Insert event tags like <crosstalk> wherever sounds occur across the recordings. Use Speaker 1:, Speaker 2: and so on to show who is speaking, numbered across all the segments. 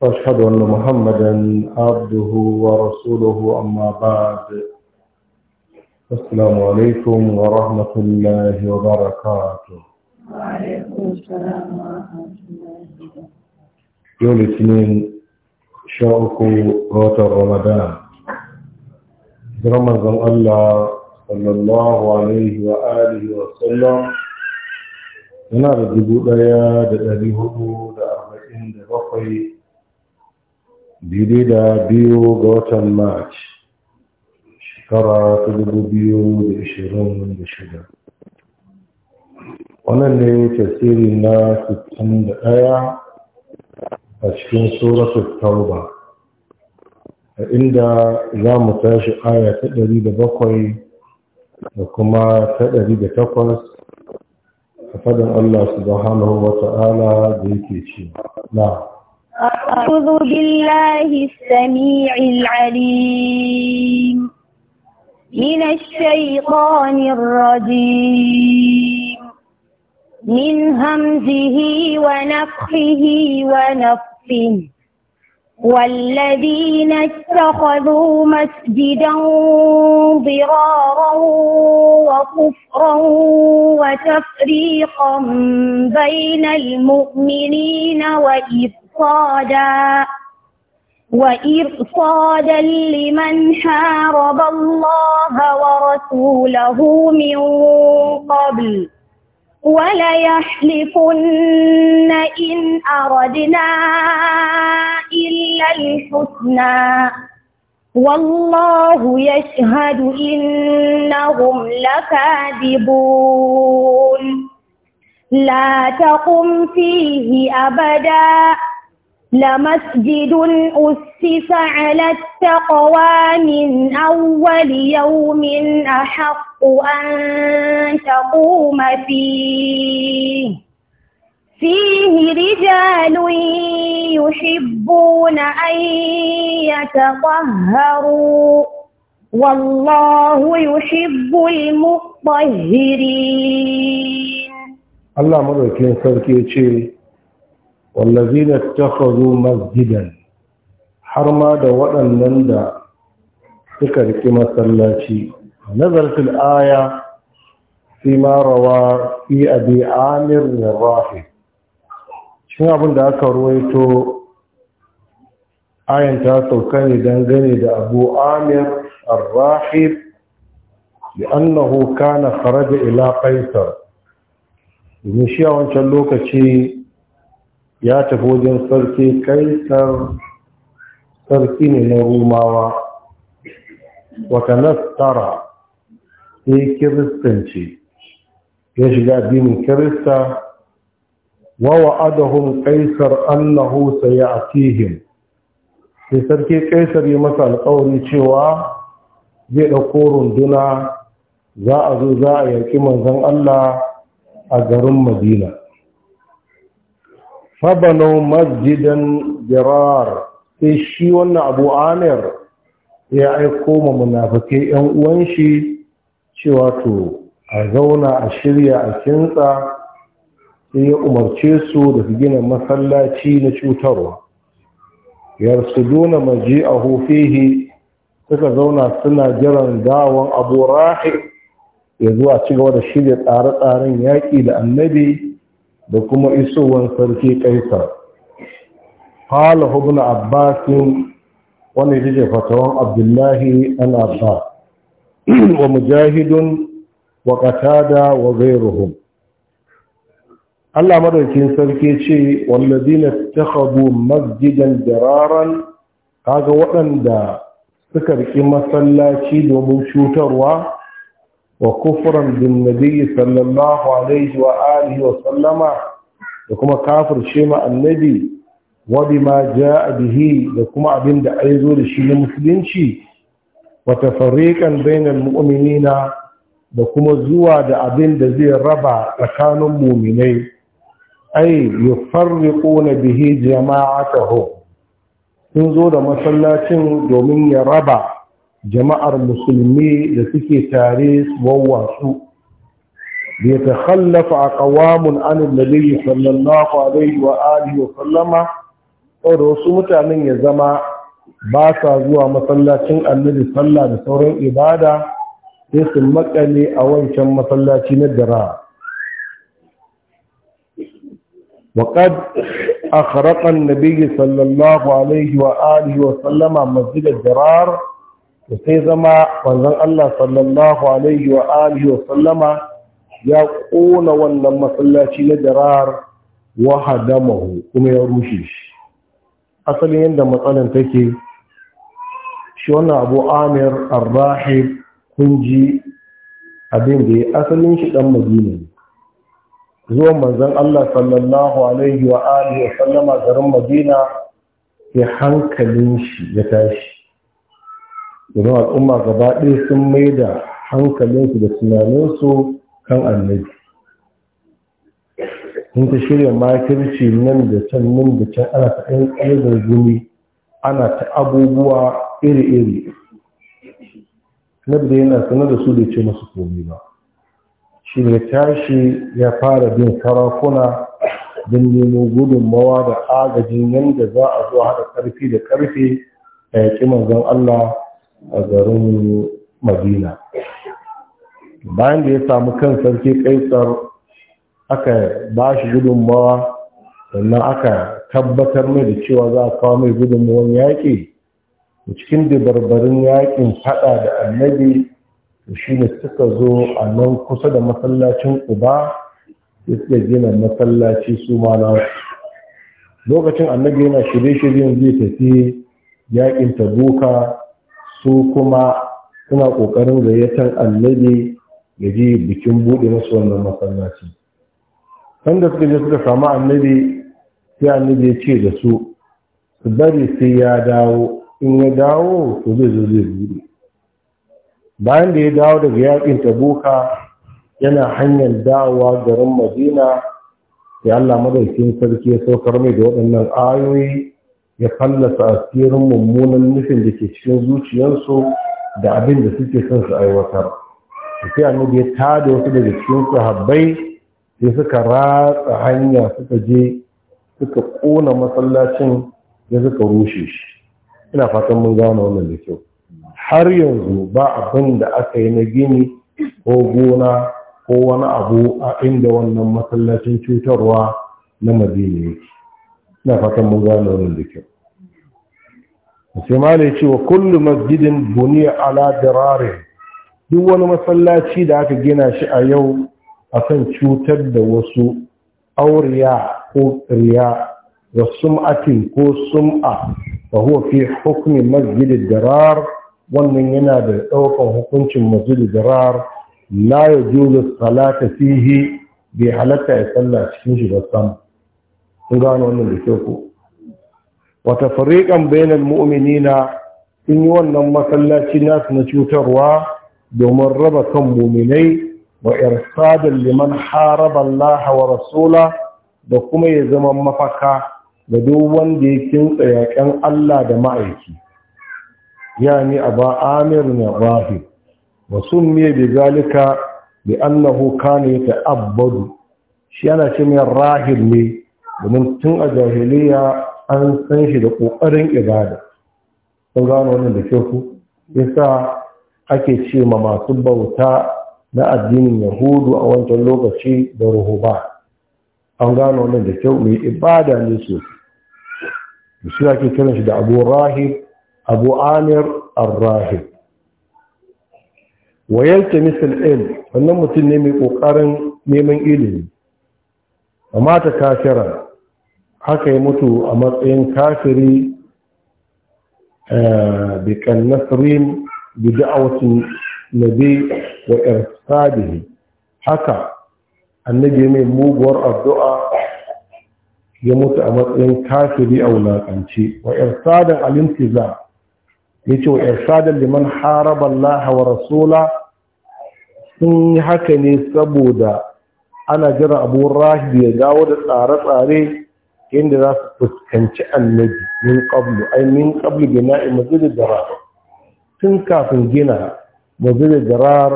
Speaker 1: واشهد ان محمدا عبده ورسوله اما بعد السلام عليكم ورحمه الله وبركاته
Speaker 2: وعليكم السلام ورحمه الله
Speaker 1: وبركاته يوم الاثنين شاءكم قوت رمضان رمضان الله صلى الله عليه واله وسلم yana da dubu ɗaya da ɗari daidai da biyu ga watan march shekara ta dubu biyu da ishirin da shida wannan ne tasiri na sittin da ɗaya a cikin suratul tauba a inda za mu tashi aya ta ɗari da bakwai da kuma ta ɗari da takwas a fadin Allah subhanahu wa ta'ala da yake ce na
Speaker 3: أعوذ بالله السميع العليم من الشيطان الرجيم من همزه ونفخه ونفخه والذين اتخذوا مسجدا ضرارا وكفرا وتفريقا بين المؤمنين وإثم إرصادا وإرصادا لمن حارب الله ورسوله من قبل وليحلفن إن أردنا إلا الحسنى والله يشهد إنهم لكاذبون لا تقم فيه أبداً لمسجد أسس على التقوى من أول يوم أحق أن تقوم فيه فيه رجال يحبون أن يتطهروا والله يحب المطهرين
Speaker 1: الله مرة كان سركي wallazina ittakhadhu masjidan har ma da waɗannan da suka riki masallaci nazartul aya fi ma rawa fi abi amir rafi shin abin da aka ruwaito ayan ta sauka ne dangane da abu amir arrahib لأنه كان خرج إلى قيصر domin shi a wancan lokaci ya tafi wajen sarki kaisar sarki ne na rumawa wata nastara sai kiristanci ya shiga addinin kirista wawa adahun kaisar allahu sai a tihim sai sarki kaisar yi masa alkawari cewa zai ɗauko runduna za a zo za a yaƙi manzan Allah a garin Madina. fabano masjidan jirar sai shi wannan abu amir ya aiko ma munafikai yan uwan shi cewa to a zauna a shirya a kintsa sai ya umarce su da su gina masallaci na cutarwa yarsuduna a Hufihi suka zauna suna jiran gawan abu rahi ya zuwa ci gaba da shirya tsare-tsaren yaƙi da annabi da kuma isowar sarki kaisar qala ibn abbas wani yake fatawan abdullahi an abbas wa mujahidun wa qatada wa ghayruhum Allah madaukin sarki ce wallazina takhadu masjidan dararan kaga waɗanda suka riki masallaci domin cutarwa وكفرا بالنبي صلى الله عليه وآله وسلم وكما كافر شيما النبي وبما جاء به وكما أبن دعيزو لشيء مسلم شيء وتفريقا بين المؤمنين وكما زوا دعبن دزي ربع لكانوا مؤمنين أي يفرقون به جماعتهم sun zo da masallacin domin ya raba jama'ar musulmi da suke tare wawwatsu da ya hallafa a kawamun anin nabiyyi sallallahu alaihi wa alihi wa sallama saboda wasu mutanen ya zama ba sa zuwa masallacin annabi sallah da sauran ibada sai su makale a wancan masallaci na dara وقد أخرق النبي صلى الله عليه وآله وسلم مسجد الدرار da sai zama wanzan Allah sallallahu alaihi wa alihi wa sallama ya ƙona wannan masallaci na jarar wa kuma ya rushe shi asalin yadda matsalin take shi wannan abu amir arrahib kunji abin da ya asalin shi dan madina zuwan manzon Allah sallallahu alaihi wa wa sallama garin madina ya hankalin shi ya tashi domin al'umma gaba ɗaya sun mai da hankalinsu da tunaninsu kan annabi sun ta shirya makirci nan da can nan da can ana ta ɗan ƙirgar gumi ana ta abubuwa iri-iri nabi yana sanar da su da ce masu komi ba shi ne tashi ya fara bin sarakuna don nemo gudunmawa da agajin yadda za a zuwa haɗa ƙarfi da ƙarfe a yaƙi manzon Allah a garin madina bayan da ya samu kan sarki kaisar aka ba shi gudunmawa sannan aka tabbatar mai da cewa za a kawo mai gudunmawan yaƙi cikin dabarbarin yaƙin faɗa da annabi shi ne suka zo a nan kusa da masallacin uba ya suka gina masallaci su ma na lokacin annabi yana shirye-shiryen zai tafi yaƙin tabuka su kuma suna ƙoƙarin gayyatar annabi ya ji bikin buɗe masu wannan masallaci sanda suka je suka samu annabi sai annabi ya ce da su su bari sai ya dawo in ya dawo su zai zo zai buɗe bayan da ya dawo daga yakin tabuka yana hanyar dawowa garin madina sai allah madaukin sarki ya saukar mai da waɗannan ayoyi ya fallasa asirin mummunan nufin da ke cikin zuciyarsu da abin da suke son su aiwatar sai annabi ya tada wasu daga cikin sahabbai sai suka ratsa hanya suka je suka kona masallacin ya suka rushe shi ina fatan mun gane wannan da kyau har yanzu ba abin da aka yi na gini ko gona ko wani abu a inda wannan masallacin cutarwa na madina yake ina fatan mun gano wannan da kyau sai ma ne cewa kullum masjidin buniya ala dirarin duk wani masallaci da aka gina shi a yau a kan cutar da wasu auriya ko riya da sum'atin ko sum'a wa huwa fi hukmi masjidin dirar wannan yana da daukan hukuncin masjid dirar la yajuzu salata fihi bi halatta ya salla cikin shi ba sam kun gano wannan da kyau ko wata fariƙan bainal mu'minina sun yi wannan masallaci nasu na cutarwa domin raba kan muminai wa irsadin liman haraba Allah wa rasula da kuma ya zama mafaka da duk wanda ya kintsa yaƙen Allah da ma'aiki yani aba amir na rafi wa summiya bi zalika bi annahu kana abbadu shi yana ce mai rahib ne domin tun a jahiliya an san shi da ƙoƙarin ibada sun gano wannan da kyau yasa ake ce ma masu bauta na addinin yahudu a wancan lokaci da ruhuba an gano wannan da kyau mai ibada ne su shi ake kiran shi da abu rahib abu amir ar-rahib wa yaltamis misal ilm wannan mutum ne mai ƙoƙarin neman ilimi amma ta kafira haka ya mutu a matsayin kafiri eh, bi kan nasirin bi da'awacin nabi wa irsadihi haka annabi mai muguwar addu'a ya mutu a matsayin kafiri a wulaƙance wa irsadan alimtiza ya ce wa irsadan liman haraban lahawar rasula sun yi haka ne saboda ana jira abu rahib ya dawo da tsare-tsare inda za su fuskanci annabi min qablu ai min qablu bina'i masjidid darar tun kafin gina masjidid darar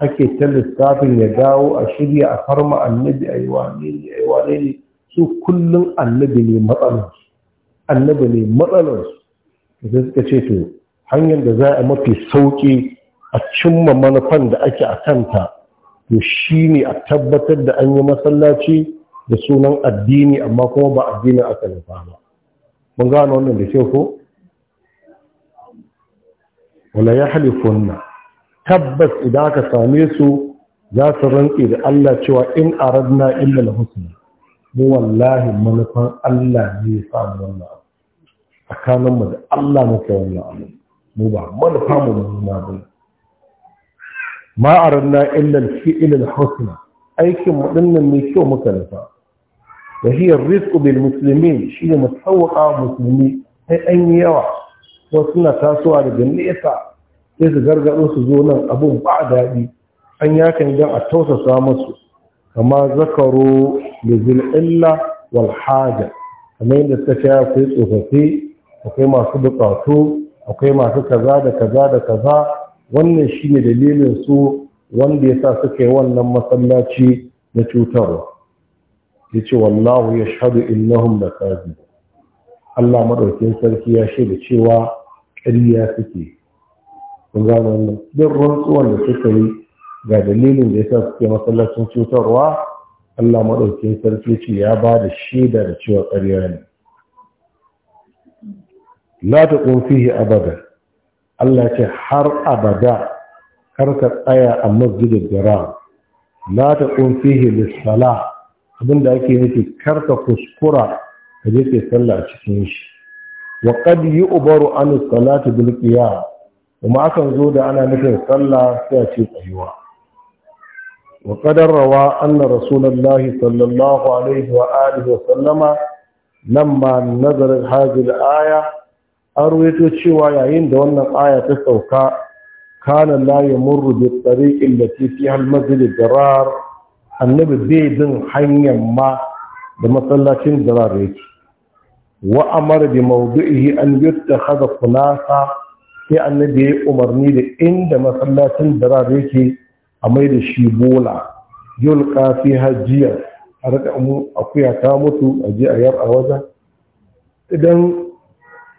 Speaker 1: ake ta lissafin ya dawo a shirya a farma annabi a yi ne a yi ne su kullum annabi ne matsalarsu annabi ne matsalarsu da suka ce to hanyar da za a mafi sauƙi a cimma manufan da ake a kanta to shi ne a tabbatar da an yi masallaci da sunan addini amma kuma ba addinin aka nufa ba mun gano wannan da kyau ko wala ya halifunna tabbas idan aka same su za su rantsi da Allah cewa in aradna illa al-husna mu wallahi manufan Allah ne ya sa wannan abu tsakanin mu da Allah muke wannan abu mu ba manufa mu da nuna ba ma aradna illa al-fi'l al aikin mu dinnan ne kyau muka nufa wa hiya rizqu bil muslimin shine musawwaqa musulmi sai an yi yawa wasu suna tasowa daga nesa sai su gargado su zo nan abun ba daɗi an yakan dan a tausasa musu kama zakaro da zil'illa wal haja kamar yadda suka ce akwai tsofaffi akwai masu buƙatu akwai masu kaza da kaza da kaza wannan shine dalilin su wanda yasa suka yi wannan masallaci na cutarwa ya ce wallahu ya shaɗu innahum da kazi Allah maɗaukin sarki ya shaida cewa ƙarya suke kun gano wannan duk rantsuwan da suka yi ga dalilin da ya sa suke masallacin cutarwa Allah maɗaukin sarki ce ya ba da shaida da cewa ƙarya ne la ta fihi abada Allah ce har abada kar ka tsaya a masjidin dara la ta fihi lissala abin da ake nufi karka kuskura ka je sallah a cikin shi wa qad yu'baru an salatu bil qiyam kuma akan zo da ana nufin sallah sai a ce tsayuwa wa qad rawa anna rasulullahi sallallahu alaihi wa alihi wa sallama lamma nazara hadhihi al-aya arwayato cewa yayin da wannan aya ta sauka kana la yamurru bi tariqin lati fiha al-masjid darar annabi zai bin hanyar ma da masallacin a yake wa amara bi mawdu'ihi an haza kunasa sai annabi ya umarni da inda masallacin da yake a mai da shi bola yulqa fi hajiya a rika mu akuya ta mutu a ji a yar a wajen idan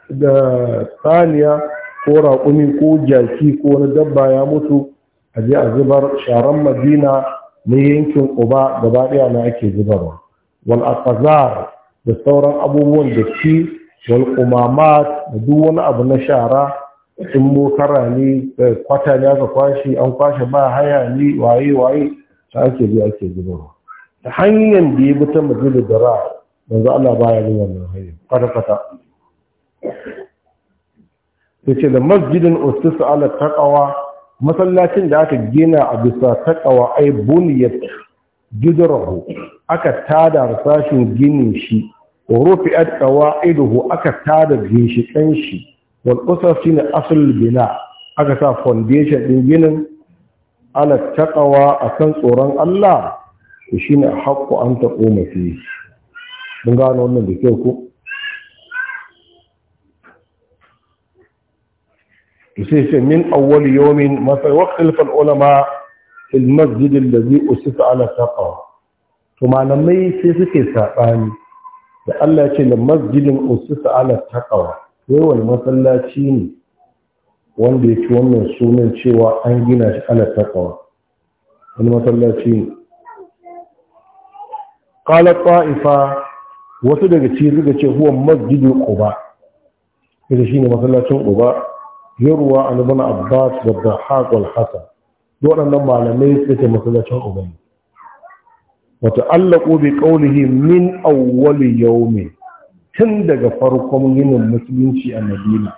Speaker 1: da saniya ko raƙumi ko jaki ko wani dabba ya mutu a ji a zubar sharan madina na yankin uba gaba ɗaya na ake zubarwa wal aqzar da sauran abubuwan da ci wal da duk wani abu na shara in mokara ne eh, kwata ne aka kwashe an kwashe ba haya ne waye waye ta ake bi ake zubarwa ta hanyar da ya bi ta majalu da ra yanzu Allah baya yin wannan hanyar kwata kwata ta ce da masjidin ustis ala taqwa masallacin da aka gina a bisa taqwa ay buniyar gidrahu aka tada sashin ginin shi rufi'at qawaiduhu aka tada ginshikan shi wal shi ne asul bina aka sa foundation din ginin ala taqwa kan tsoron Allah shi ne haqqu an taquma shi. mun gano wannan da kyau ko يسيس من أول يوم مثلا وخلف العلماء في المسجد الذي أسس على التقوى ثم أنا ما يسيسك ساباني da Allah ce da masjidin usisa ala masallaci ne wanda ya ci wannan sunan cewa an gina shi ala taqwa wani masallaci ne qala ta'ifa wasu daga ci suka ce huwa masjidul quba shine masallacin quba yarwa an ibn abbas da dhahaq wal hasan waɗannan malamai suke masallacin ubangi wata allaqu bi qawlihi min awwal yawmi tun daga farkon yinin musulunci a madina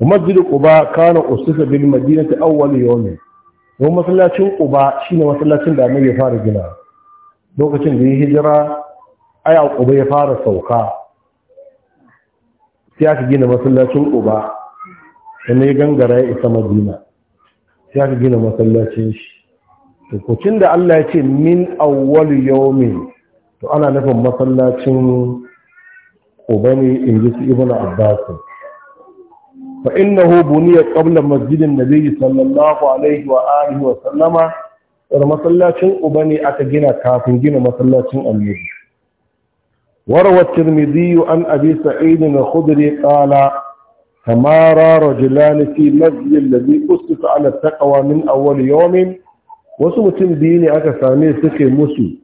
Speaker 1: masjid quba kana usufa bil madinati awwal yawmi ko masallacin quba shine masallacin da annabi ya fara gina lokacin da ya hijira aya quba ya fara sauka sai aka gina masallacin quba sannan ya gangara ya isa madina ya ka gina masallacin shi hukucin da Allah ya ce min awwal yaumi to ana nufin masallacin ubani in ji su ibnu abbas fa innahu buniya qabla masjidin nabiyyi sallallahu alaihi wa alihi wa sallama wani masallacin ubani aka gina kafin gina masallacin annabi وروى an abi أبي سعيد الخدري قال كما رأى رجلان في مسجد الذي أسس على التقوى من أول wasu mutum biyu ne aka same suke musu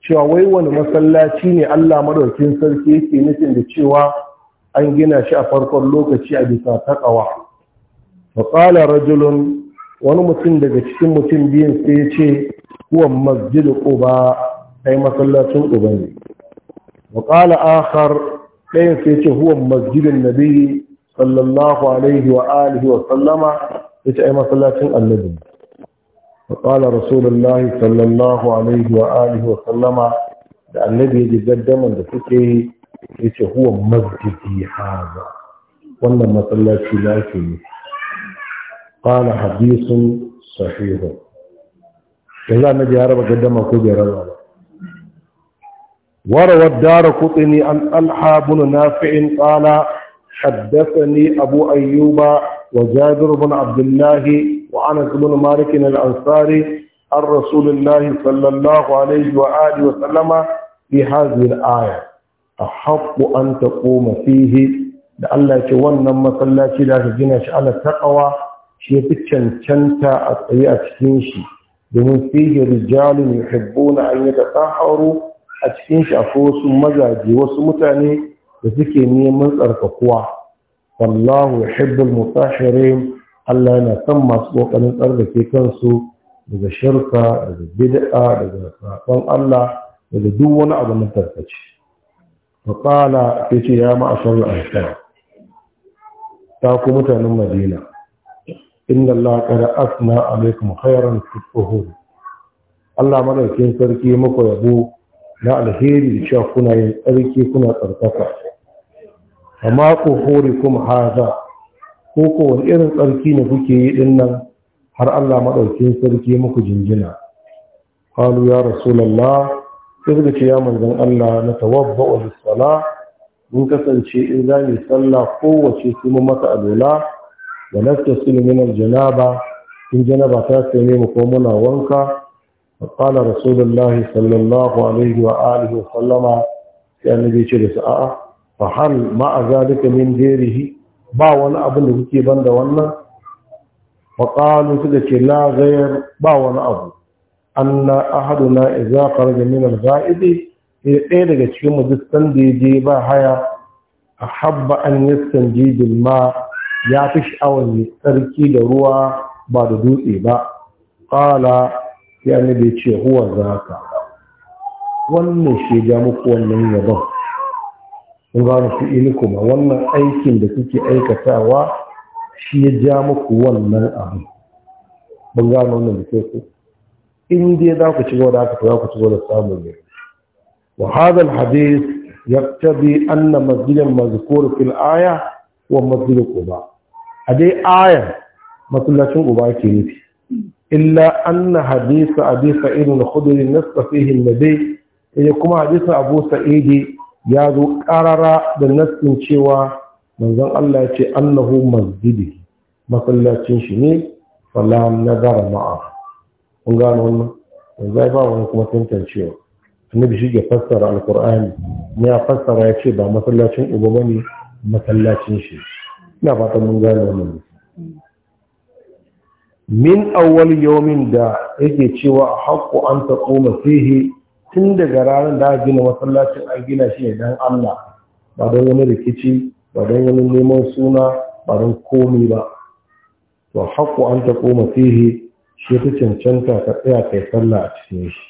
Speaker 1: cewa wai wani masallaci ne Allah madaukin sarki yake nufin da cewa an gina shi a farkon lokaci a bisa taqwa fa qala rajulun wani mutum daga cikin mutum biyun sai ya ce huwa masjidin quba ai masallacin quba ne wa akhar ɗayan sai ya ce huwa masjidun nabi صلى الله عليه وآله وسلم اتعيم صلاة النبي وقال رسول الله صلى الله عليه وآله وسلم النبي يجد من دفكه يتعيم هو مسجد هذا وانما صلاة لكن قال حديث صحيح إذا نجي عرب قدم أخذ رضا وروى الدار قطني عن ألحى بن نافع قال حدثني أبو أيوب وجابر بن عبد الله وأنس بن مالك الأنصاري عن رسول الله صلى الله عليه وآله وسلم في هذه الآية أحق أن تقوم فيه da Allah ce wannan masallaci da aka gina shi Allah taqwa shi fi cancanta a tsaye a cikin shi domin fihi rijalun yuhibbuna an yatatahharu a cikin shi akwai wasu mazaje wasu mutane da suke neman tsarkakuwa wallahu yuhibbul mutahhirin Allah yana son masu kokarin tsarkake kansu daga shirka daga bid'a daga sakon Allah daga duk wani abu na tarkace faqala yace ya ma'ashar al-ansar ta ku mutanen Madina inna Allah qad asna alaikum khairan fi tuhur Allah madaukin sarki muku yabo na alheri da cewa kuna yin tsarki kuna tsarkaka wa ma kuma haza ko ko irin tsarki ne kuke yi din nan har Allah maɗaukin sarki muku jinjina qalu ya rasulullah sai suka ce ya manzon Allah na tawabba'u lis sala, mun kasance in za mu sallah kowace su mu mata alola wa nastasilu min al in janaba ta same mu ko muna wanka qala rasulullahi sallallahu alaihi wa alihi wa sallama sai annabi ce da sa'a fa ma'aza ma azalika min dirihi ba wani abin da kuke banda wannan fa qalu suka ce la ba wani abu anna ahaduna iza kharaja min al-ghaibi eh, ɗaya daga cikin mu da ya je ba haya habba an yastanji bil ma ya fi sha'awar tsarki da ruwa ba da dutse ba Ƙala ya ne bai ce huwa zaka wannan shi ga muku wannan yabon kun fi fi'ili kuma wannan aikin da kuke aikatawa shi ya ja muku wannan abu mun gano wannan da ku in dai za ku ci gaba da haka za ku ci gaba da samun ne wa hadha alhadith yaktabi anna masjid almazkur fil aya wa masjid quba a dai aya masallacin quba ke nufi illa anna hadith abi sa'id al-khudri nasfa fihi dai. nabi kuma hadith abu sa'id ya zo ƙarara da nassin cewa manzon Allah ya ce annahu masjidi masallacin shi ne fala nazara ma'a kun gano wannan yanzu ai ba wani kuma tantancewa annabi shi ke fassara alqur'ani ne ya fassara ya ce ba masallacin uba bane masallacin shi ina fatan mun gano wannan min awwal yawmin da yake cewa haqqu an taquma fihi tun daga ranar da gina masallacin an gina shi idan don Allah ba don wani rikici ba don wani neman suna ba don komi ba To haƙo an ta koma fihi shi ta cancanta ta tsaya kai sallah a cikin shi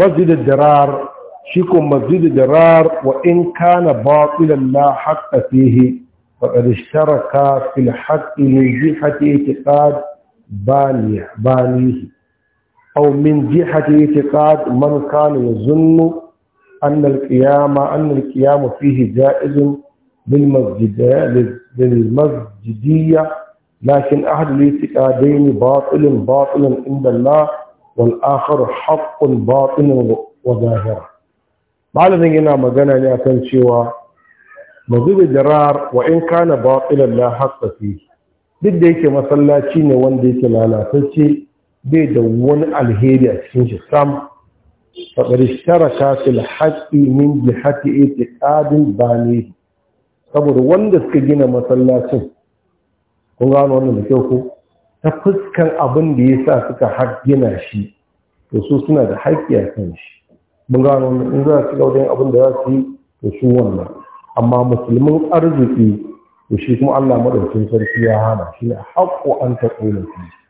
Speaker 1: masjidin darar shi ko masjidin darar wa in kana batilan la haƙa fihi qad ishtaraka fil haqqi min jihati itiqad banihi أو من جهة اعتقاد من كان يظن أن القيامة أن القيام فيه جائز للمسجد للمسجدية لكن أحد الاعتقادين باطل باطل عند الله والآخر حق باطل وظاهر. بعد ذلك أنا مجانا يا تنشيوا مذوب الجرار وإن كان باطلا لا حق فيه. بدي كمثلا شيني وندي كمالا تنشي bai da wani alheri a cikin shi sam faɗar sharaka fil haƙi min ƙadin ba ne. saboda wanda suka gina masallacin kun gano wannan da kyau ko ta fuskan abin da ya sa suka gina shi to su suna da haƙƙi a kan shi mun gano wannan in za su wajen abin da za su yi to su wannan amma musulmin arziki to shi kuma Allah madaukakin sarki ya hana shi ne haƙo an taƙo da shi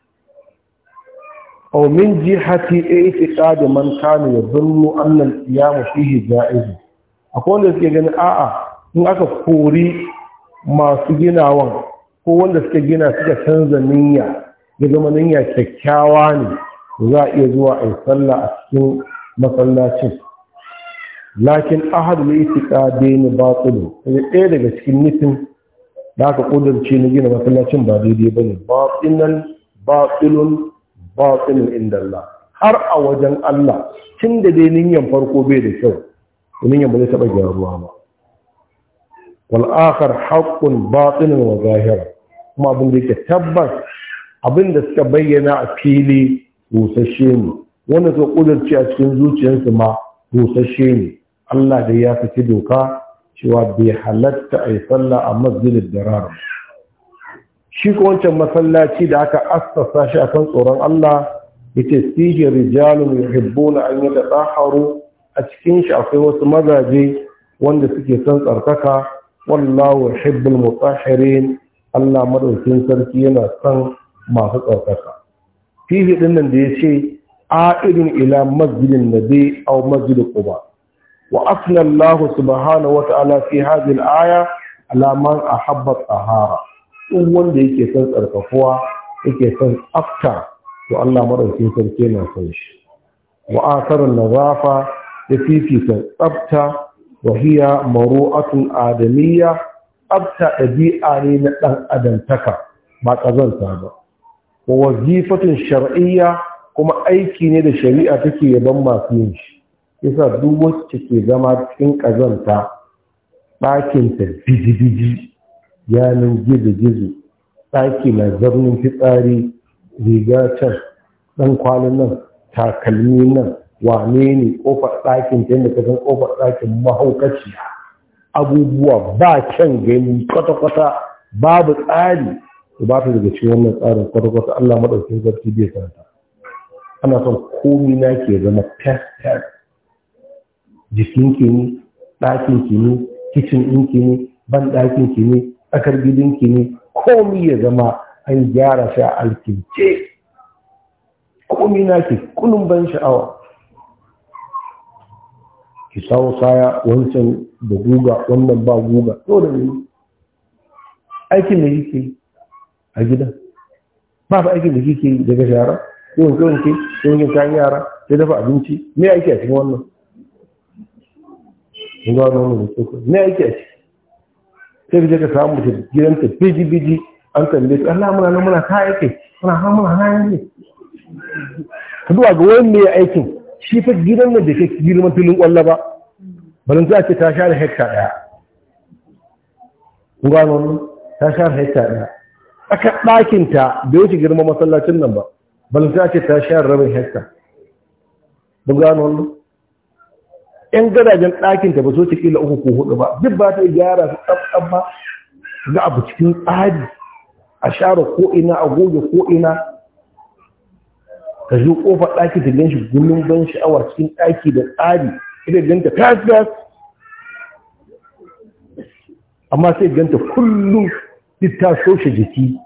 Speaker 1: أو من جهة اعتقاد من كان يظن أن القيام فيه جائز أقول لك يعني آآ إن أكا كوري ما سجنا وان ko wanda suka gina suka canza niyya ya zama niyya kyakkyawa ne za iya zuwa a sallah a cikin masallacin lakin ahad mai itika daini batsulu daga ɗaya daga cikin nufin da aka ƙudurce na gina masallacin ba daidai ba ne batsinan batsulun batsinin inda Allah har a wajen Allah tun da dai niyyar farko bai da kyau to niyyar ba zai taba gyaruwa ba wal akhar haqqun batilun wa zahira kuma abin da yake tabbas abin da suka bayyana a fili busasshe ne wanda suka kudurci a cikin zuciyarsu ma busasshe ne Allah da ya fi doka cewa bai halatta a yi sallah a masjidin darar shi ko wancan masallaci da aka assasa shi akan tsoron Allah yace fihi rijalun yuhibbuna an yatatahharu a cikin shi akwai wasu mazaje wanda suke son tsarkaka wallahu yuhibbul mutahhirin Allah madaukin sarki yana son masu tsarkaka fihi din nan da yace a'idun ila masjidin nabi aw masjid quba wa afna Allah subhanahu wa ta'ala fi hadhihi al-aya ala man ahabba tahara in wanda yake son tsarkakuwa yake son tsafta to Allah madaukakin sarki na son shi wa akarun nazafa ya fifita tsafta wa hiya maru'atun adamiyya tsafta ɗabi'a ne na ɗan taka ba ƙazanta ba wa wazifatun shar'iyya kuma aiki ne da shari'a take yaban masu yin shi yasa duk wacce ke zama cikin ƙazanta ɗakinta bijibiji yanin gizo-gizo ɗaki na zarnin fitsari riga can ɗan kwanan nan takalmi nan wane ne ƙofar ɗakin ta yadda kofar ƙofar ɗakin mahaukaci abubuwa ba can gani kwata-kwata babu tsari ba ta daga cikin wannan tsarin kwata-kwata Allah maɗaukin sarki bai sanata ana son komi na ke zama test jikin ki ɗakin ki ne kicin ɗin ki ne ban ɗakin ki ne tsakar gidinki ne komi ya zama an gyara shi a alkince komi na ke kunun ban sha'awa ki sawo saya wancan da guga wannan ba guga da ne aikin da yake a gidan ba fa aikin da kike daga shara yau wanke wanke sai wanke kayan yara sai dafa abinci me aiki a cikin wannan? Ina wani wani da tsoka, me aiki a ciki? sai ka je ka samu ta gidanta biji biji an tambaye su, Allah muna nan muna ka yake muna ha muna ha yake ka zuwa ga wani ne aikin shi fa gidan nan da ke girman filin kwallo ba balin za ta share hekta daya kun gano ta share hekta daya aka ɗakin ta bai wuce girman masallacin nan ba balin za ta share rabin hekta kun gano wannan yan gadajen ɗakin ta ba so ta kila uku ko hudu ba duk ba ta gyara su tsaf ba ga abu cikin tsari a share ko a goge ko'ina, ina ka zo kofar ɗaki ta gan shi ban sha'awar cikin ɗaki da tsari ita ganta tas amma sai ganta kullum duk ta soshe jiki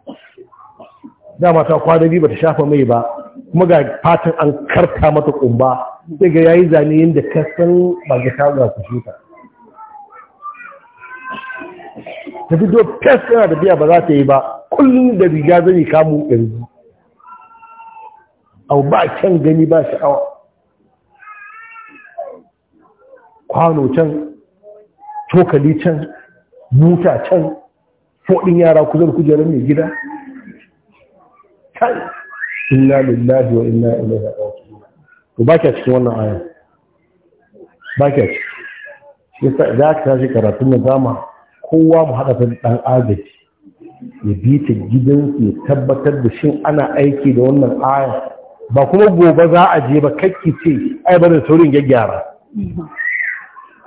Speaker 1: dama ta kwana biyu bata shafa mai ba kuma ga fatan an karta mata kumba daga yayi zane yadda ka san ba ga shaga ku shuka ta fito fes yana da biya ba za ta yi ba kullum da riga zan yi kamu yanzu abu ba can gani ba sha'awa kwano can cokali can buta can fodin yara kuzar kujerar mai gida inna lillahi wa inna ilaihi raji'un to ba kya cikin wannan aya ba kya cikin yasa da aka tashi karatun na zama kowa mu haɗa ta ɗan agaji ya bi ta gidansu ya tabbatar da shin ana aiki da wannan aya ba kuma gobe za a je ba kakki ce ai ba da saurin ya gyara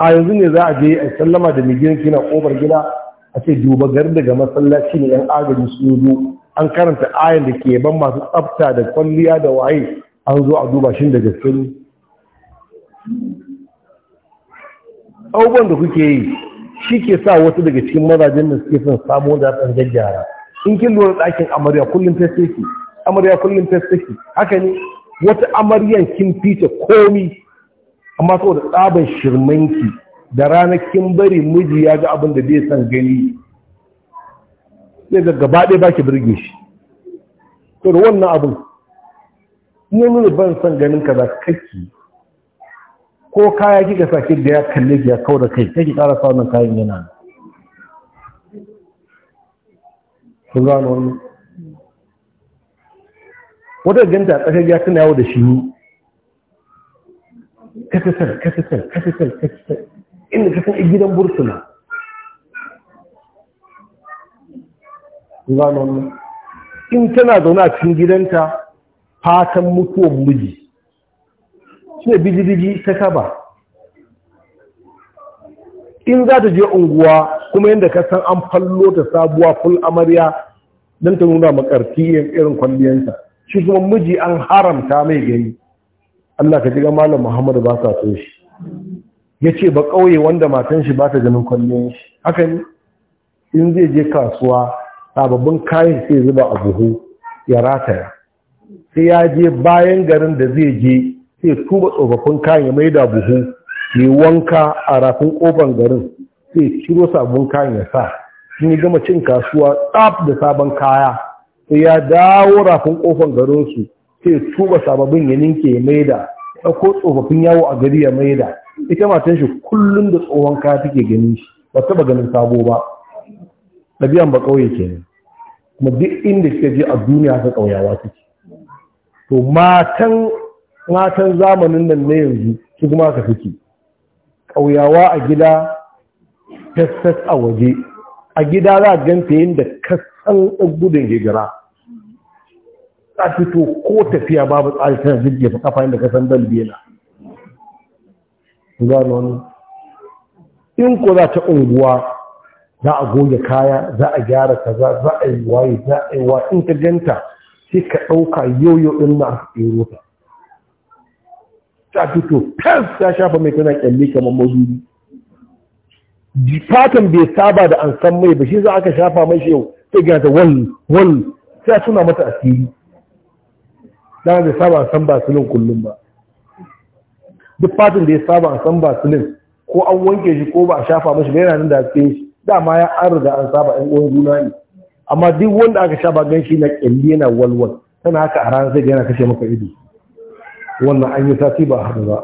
Speaker 1: a yanzu ne za a je a sallama da mai gidan kina kofar gida a ce duba gar daga masallaci ne yan agaji su zo an karanta ayan da ke ban masu tsafta da kwalliya da waye an zo a duba shi da gaske ne abubuwan da kuke yi shi ke sa wasu daga cikin mazajen da suke son samu da ɗan gaggara in kin lura ɗakin amarya kullum ta sake amarya kullum ta haka ne wata amaryan kin fita komi amma saboda tsaban shirmanki da ranar kin bari miji ya ga abin da bai san gani sai ga gaba ɗaya ba ki birge shi to da wannan abin in ya nuna ban son ganin ka za kakki ko kaya kika sa ki da ya kalle ki ya kawo da kai kake ƙara sa wannan kayan yana sun gano wannan wata ganta a tsakar ya tana yawo da shi kasasar kasasar kasasar kasasar inda ka san gidan bursuna sun gano wannan in tana zaune a cikin gidanta fatan mutuwan miji shine bijibiji ta kaba in za ta je unguwa kuma yadda ka san an fallo ta sabuwa ful amarya don ta nuna makarfi irin kwalliyanta shi kuma miji an haramta mai gani Allah ka jiga malam Muhammadu ba sa so shi ya ce ba ƙauye wanda matan shi ba ta ganin kwalliyar shi haka ne in zai je kasuwa sababbin kayan sai zuba a buhu ya rataya sai ya je bayan garin da zai je sai tuba tsofaffin kayan ya maida buhu mai wanka a rafin kofan garin sai ciro sabon kayan ya sa sun yi gama cin kasuwa tsaf da sabon kaya sai ya dawo rafin kofan garinsu sai tuba sababbin ya ninke ya maida ɗauko tsofaffin yawo a gari ya maida ita matan shi kullum da tsohon kaya take ganin shi ba taba ganin sabo ba ɗabi'an ba ƙauye kenan kuma duk inda kika je a duniya ta ƙauyawa take to matan matan zamanin nan na yanzu su kuma ka suke ƙauyawa a gida tassas a waje a gida za a ganta yin da kasan gudun Za ta fito ko tafiya babu tsari tana jirgin fa kafa da kasan dalbiyana gano wani in ko za ta unguwa za a goge kaya za a gyara kaza za a yi waye za a yi wa in ka ganta sai ka ɗauka yoyo ɗin na aka ɗero ta ta fito fes ta shafa mai tana kyalle kamar mazuri fatan bai saba da an san mai ba shi za aka shafa mai shi yau sai gata wani wani sai suna mata asiri dan bai saba an san basilin kullum ba duk fatan da ya saba an san basilin ko an wanke shi ko ba a shafa mashi bai yana nan da tsaye shi dama ya an riga an saba ɗan uwan juna ne amma duk wanda aka sha ba ganshi na kyalli yana walwal tana haka a ranar sai yana kashe maka ido wannan an yi sati ba haɗu ba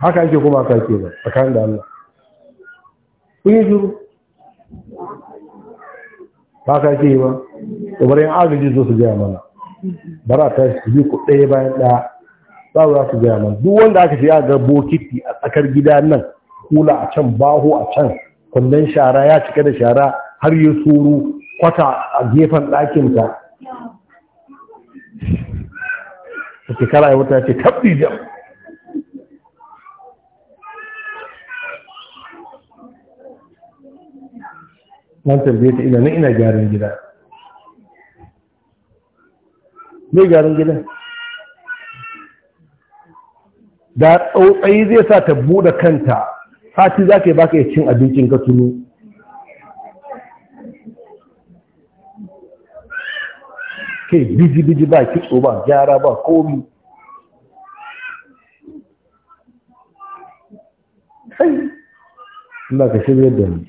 Speaker 1: haka ake kuma aka ke ba a kan da Allah kun yi shuru ba ka ke yi ba kamar yin agaji zo su gaya mana bara ta su yi ku ɗaya bayan ɗaya za su gaya mana duk wanda aka ce ya ga bokiti a tsakar gida nan hula a can baho a can kundin shara ya cika da shara har yi suru kwata a gefen ɗakinta ta shekara ya wata ce tabbi jam nan tambaye ta ina ina gyaran gida me gyaran gida? da tsautsayi zai sa ta buɗe kanta fati za ka yi baka cin abincin ka tunu ke biji-biji ba kitso ba gyara ba komi sai ina ka shirya da ni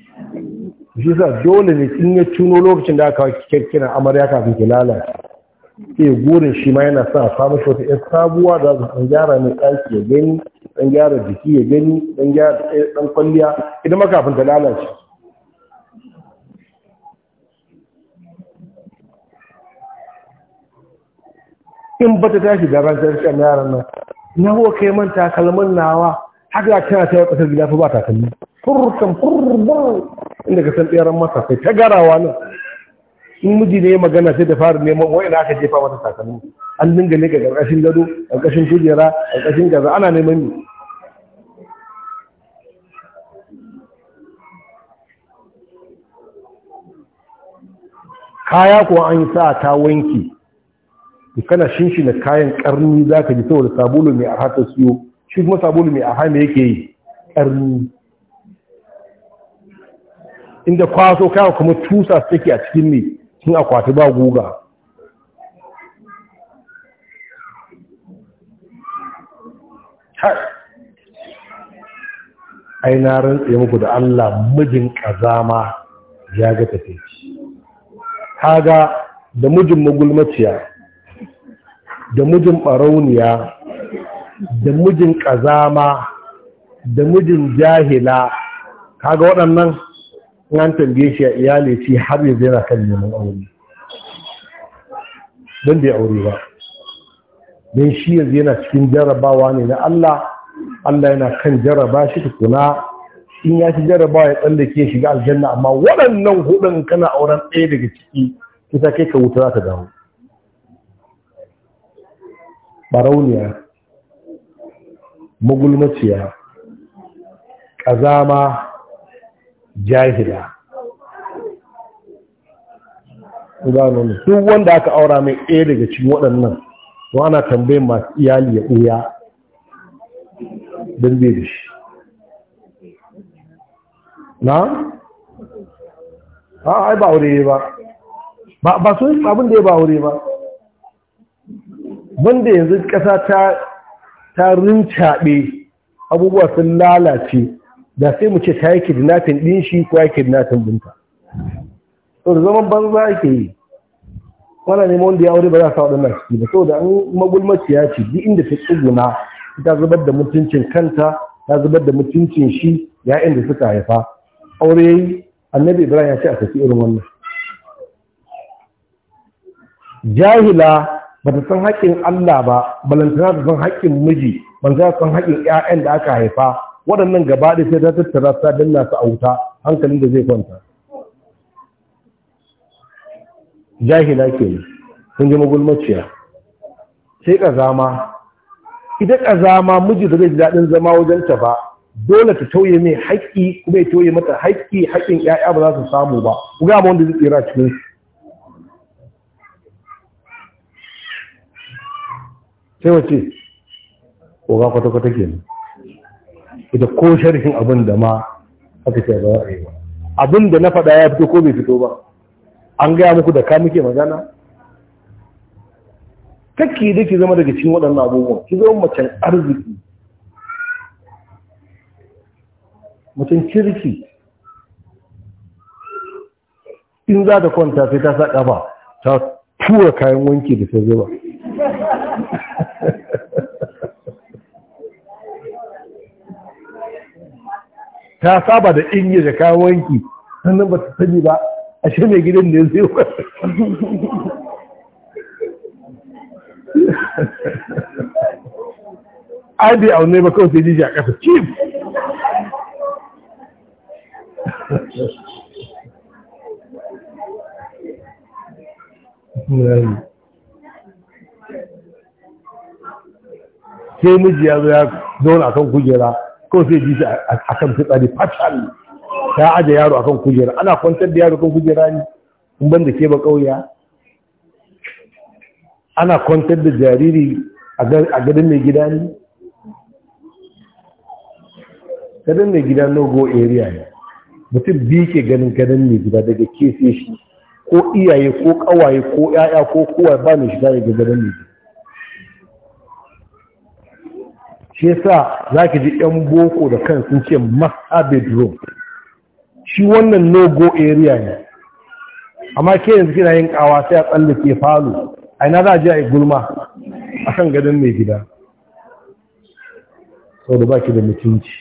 Speaker 1: shi sa dole ne in ya tuno lokacin da aka kirkiran amarya kafin ki lalata? ke gurin shi ma yana sa samun shi wata 'yan sabuwa da an gyara mai ɗaki ya gani dan gyara jiki ya gani dan gyara eh, dan kwalliya idan makafin ta lalace in ba ta tashi da ran sai kan yaran nan na huwa kai man takalmin nawa haka kana ta kasar gida fa ba takalmi furkan furban inda ka san tseren masa sai ta garawa nan in miji ne magana sai da fara neman wai aka jefa mata sakamun an dinga ne ga karkashin gado karkashin kujera karkashin gaza ana neman ne. kaya kuwa an yi sa ta wanki kana shinshina kayan karni za ka ji saboda sabulu mai arha ta siyo shi kuma sabulu mai arha mai yake yi karni inda kwaso kawo kuma tusa suke a cikin ne sun akwati ba guga ai na rantse muku da Allah mijin kazama ya ga tafi kaga da mijin magulmaciya da mijin barauniya da mijin kazama da mijin jahila kaga waɗannan an tambaye shi a iyali ce har yanzu yana kan neman aure don bai aure ba don shi yanzu yana cikin jarabawa ne na Allah Allah yana kan jaraba shi tukuna in ya ci jarabawa ya tsallake shiga aljanna amma waɗannan hudun kana auren ɗaya daga ciki ita kai ka wuta za ta dawo barauniya magulmaciya ƙazama jahila duk wanda aka aura mai ɗaya daga cikin waɗannan to ana tambayin masu iyali ya ɗaya, don bai da shi na? ai ba aure ba ba sun abin da ya ba aure ba wanda yanzu ƙasa ta rincaɓe abubuwa sun lalace da sai mu ce ta yi kidnapping din shi ko ya kidnapping dinta to da zaman banza yake yi wana ne wanda ya aure ba za su waɗannan ciki ba da an magulmaci ya ce duk inda ta tsuguna ta zubar da mutuncin kanta ta zubar da mutuncin shi ya'yan da suka haifa aure yi. annabi ibrahim ya ce a tafi irin wannan jahila ba ta san haƙƙin allah ba balantana ta san haƙƙin miji ban za san haƙƙin 'ya'yan da aka haifa waɗannan gaba da sai ta tattara ta danna su a wuta hankalin da zai kwanta jahila ke ne sun ji magulmaciya sai ƙazama idan ƙazama miji da zai ji daɗin zama wajen ta ba dole ta tauye mai haƙƙi kuma ya tauye mata haƙƙi haƙƙin ƴaƴa ba za su samu ba ku ga wanda zai tsira cikin sai wace ko ga kwata-kwata kenan da ko sharhin abin da ma aka ce ba a yi ba abin da na faɗa ya fito ko bai fito ba an gaya muku da ka muke magana kakki da ke zama daga cikin waɗannan abubuwan ki zama macen arziki mutum kirki in za ta kwanta sai ta sa ƙafa ta tura kayan wanki da ta zuba ta saba da inye da kawo wanki sannan ba ta sani ba a shi mai gidan ne zai wa
Speaker 2: An bai aune ba kawai
Speaker 1: sai ji a ƙasa cif sai miji ya zo ya zauna kan kujera ko sai ji shi a kan fitsari fatal ta aje yaro akan kujera ana kwantar da yaro kan kujera ne in ban da ke ba kauya ana kwantar da jariri a gadon mai gida ne gadon mai gida no-go area ne mutum biyu ke ganin gadon mai gida daga kese shi ko iyaye ko kawaye ko 'ya'ya ko kowa ba mai shiga daga gadon mai gida shi yasa za ki ji 'yan boko da kan sun ce masabid room shi wannan no go area ne amma ke yanzu kina yin kawa sai a tsallake falo a ina za a ji a yi gulma a kan gadon mai gida sau da baki da mutunci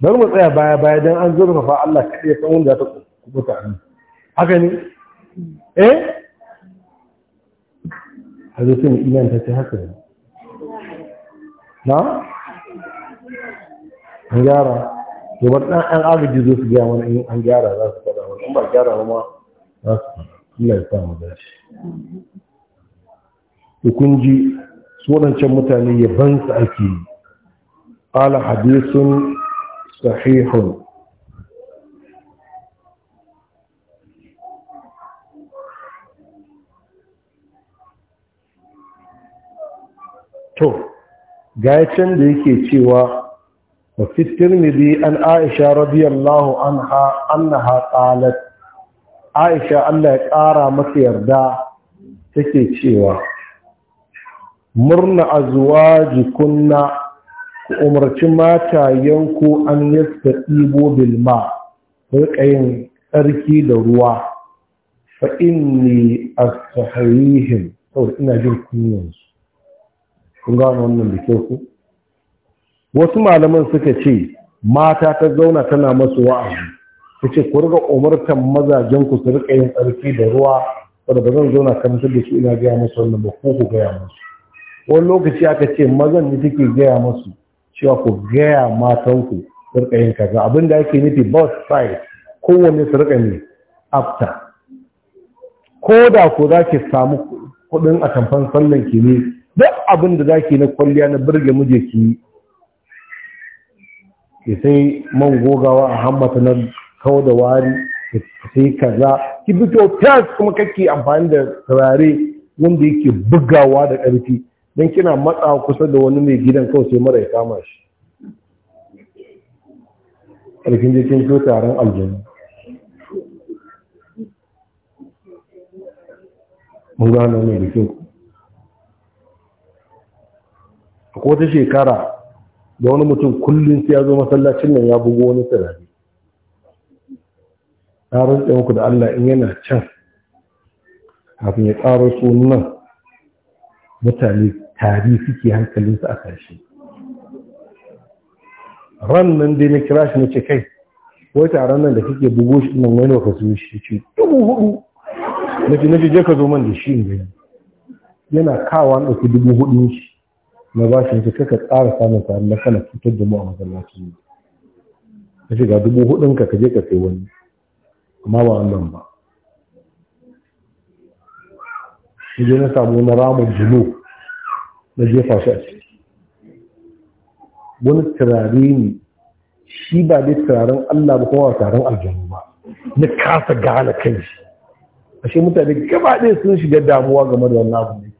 Speaker 1: bari mu tsaya baya baya don an zurfafa Allah ya san wanda ta kubuta haka ne eh a sai sun iman ta ce haka na? an gyara to ba ɗan an agaji zo su gaya mana an gyara za su fada wani
Speaker 2: ba gyara ba ma
Speaker 1: za su fada. Allah ya samu da shi to kun ji su waɗancan mutane yabansu ake qala hadithun sahihun to ga da yake cewa wa fi tirmidhi an aisha radiyallahu anha annaha qalat aisha Allah ya kara maka yarda take cewa murna azwajikunna ku umarci matayenku an yastadibo bil ma yin tsarki da ruwa fa inni astahihim saboda ina jin kunyansu kun gano wannan da ku wasu malaman suka ce mata ta zauna tana masu wa'azi su ce ku riga umartan mazajen ku su riƙa yin tsarki da ruwa wadda ba zan zauna kamar da su ina gaya masu wannan ba ko ku gaya masu wani lokaci aka ce mazan ne take gaya masu cewa ku gaya matanku su riƙa yin kaza abin da ake nufi both sides kowanne su riƙa ne afta. ko da ku za ki samu kuɗin atamfan sallan ki ne duk abin da zaki na kwalliya na birge muje ki ki sai man gogawa a hammata na kawo da wari ya sai kaza ki bi to tas kuma kake amfani da turare wanda yake bugawa da ƙarfi don kina matsa kusa da wani mai gidan kawai sai mara ya kama shi ƙarfin jikin ko taron aljanu mun gano mai da kyau ko wata shekara da wani mutum kullum sai ya zo masallacin nan ya bugo wani turare na rantsa muku da Allah in yana can kafin ya tsaro sunan mutane tari suke hankalinsu a ƙarshe ran nan dai na kira shi na ce kai wai taron nan da kake bugo shi nan wani ka zo shi ce dubu hudu na ce na ce je ka zo man da shi ne yana kawo an ɗauki dubu hudu shi na ba shi ka ƙara samun sa na kana cutar da mu a masallaci ka shiga dubu hudun ka je ka sai wani amma ba wannan ba je na samu na ramun julu na jefa shi a ciki wani turare ne shi ba dai turaren Allah ba kuma turaren aljanu ba na kasa gane kai shi ashe mutane gaba ɗaya sun shiga damuwa game da wannan abu ne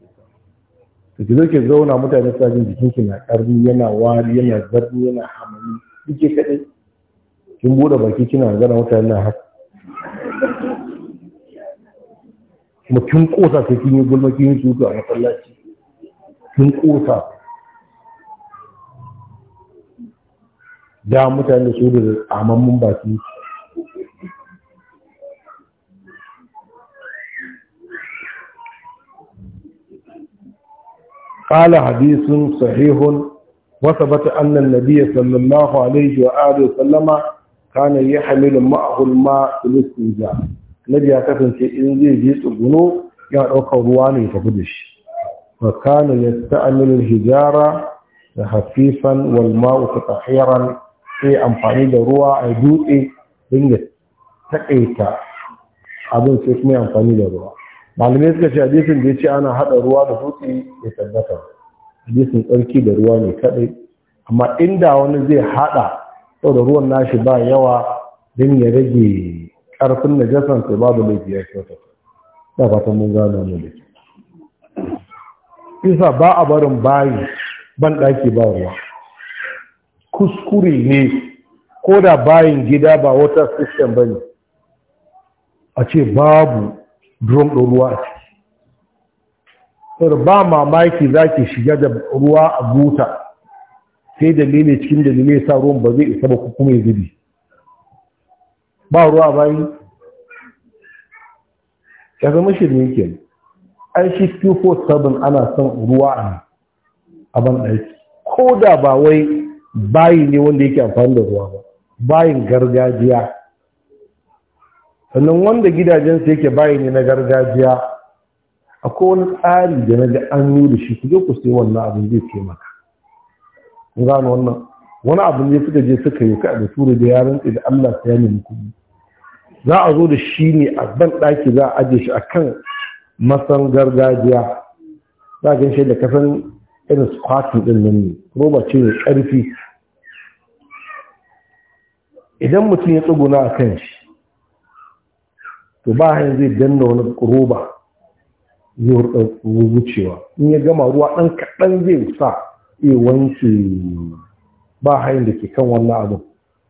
Speaker 1: da ke zo ki zauna mutane suna jin jikin ki na karni yana wari yana zarni yana hamani duke kadai kin bude baki kina gana mutane na haka kuma kin kosa sai kin yi gulma kin yi shuka a masallaci kin kosa da mutane su da mun baki قال حديث صحيح وثبت أن النبي صلى الله عليه وآله وسلم كان يحمل معه الماء للسجاء النبي أكثر شيء إنه يجيس كان يعرق رواني فقدش وكان يستعمل الحجارة خفيفا والماء تطهيرا في أمحاني دروا عدوء إنه تقيت أبن سيسمي أمحاني دروا malamai suka ce hadisin da ya ce ana hada ruwa da dutse ya tabbata hadisin tsarki da ruwa ne kadai. amma inda wani zai hada, sau ruwan nashi ba yawa don ya rage karfin na jasan sai babu laifi ya kyauta da fatan mun gano mu da ke isa ba a barin bayi ban daki ba ruwa kuskure ne ko da bayin gida ba wata system ba ne a ce babu drum ɗin ruwa a ciki ba mamaki za ki shiga da ruwa a buta sai dalilin cikin dalilai sa ruwan ba zai isa ba kuma ya zubi ba ruwa bayi ya zama shirin ke an shi 247 ana son ruwa a abin ɗaki ko da ba wai bayi ne wanda yake amfani da ruwa ba bayin gargajiya sannan wanda gidajensu yake bayi ne na gargajiya akwai wani tsari da na ga an yi da shi ku je ku sai wannan abin zai taimaka maka gano wannan wani abin ne suka je suka yi kai da tura da yaran da Allah ya nemi za a zo da shi ne a ban ɗaki za a aje shi a kan masan gargajiya za a ganshi da kasan irin squatting ɗin nan ne roba ce mai ƙarfi idan mutum ya tsuguna a kan shi to ba hanyar zai danna wani roba zai wucewa in ya gama ruwa ɗan kaɗan zai sa iya wanke ba hanyar da ke kan wannan abu.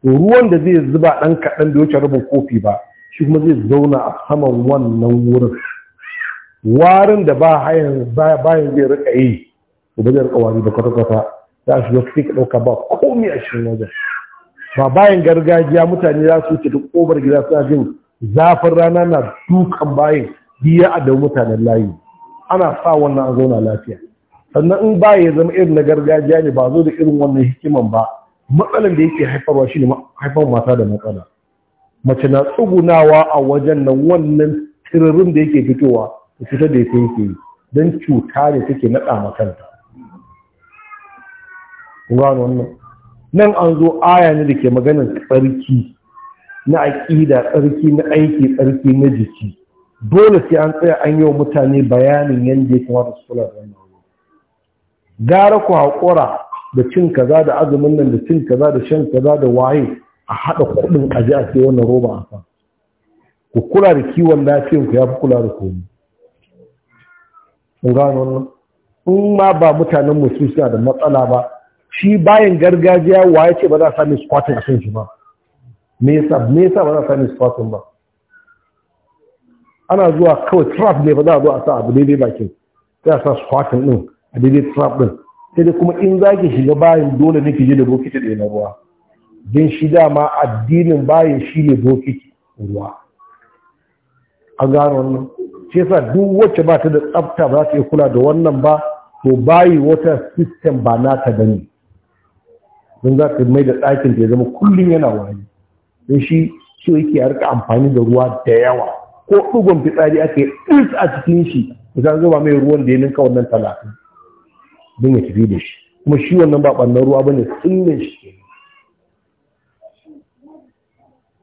Speaker 1: to ruwan da zai zuba ɗan kaɗan da wuce rabin kofi ba shi kuma zai zauna a saman wannan wurin warin da ba bayan zai rika yi ko ba zai rika wari da kwata-kwata za su yi ka ɗauka ba komi a shirin wajen ba bayan gargajiya mutane za su wuce duk ƙobar gida suna jin zafin rana na dukan bayan biya a da mutanen layi ana sa wannan an zauna lafiya sannan in baya ya zama irin na gargajiya ne ba zo da irin wannan hikiman ba matsalan da yake haifarwa shi ne haifar mata da matsala mace na tsugunawa a wajen nan wannan tiririn da yake fitowa da fitar da ya yake yi don cuta ne take naɗa makanta nan an zo aya ne da ke maganar tsarki na aƙida tsarki na aiki tsarki na jiki dole sai an tsaya an yi wa mutane bayanin yadda ya kamata su kula da wannan gara ku haƙura da cin kaza da azumin nan da cin kaza da shan kaza da waye a haɗa kuɗin aji a sai wannan roba a kan ku kula da kiwon lafiyan ku ya fi kula da komi gano wannan in ma ba mutanen mu suna da matsala ba shi bayan gargajiya waye ce ba za a sami squatting a kan shi ba nesa nesa ba za a sami spotting ba ana zuwa kawai trap ne ba za a zo a sa abu daidai bakin sai a sa din a daidai trap din sai dai kuma in za ki shiga bayan dole ne ki je da bokiti da na ruwa din shi dama addinin bayan shi ne bokiti ruwa A gano wannan shi yasa duk wacce ba ta da tsafta ba za ta iya kula da wannan ba to bayi wata system ba na ta bane don za ta mai da ɗakin ta ya zama kullum yana wani don shi so yake ya rika amfani da ruwa da yawa ko ɗigon fitsari aka yi ɗins a cikin shi a zuba mai ruwan da ya ninka wannan talatin don ya tafi da shi kuma shi wannan ba ɓannan ruwa ba ne tsillin shi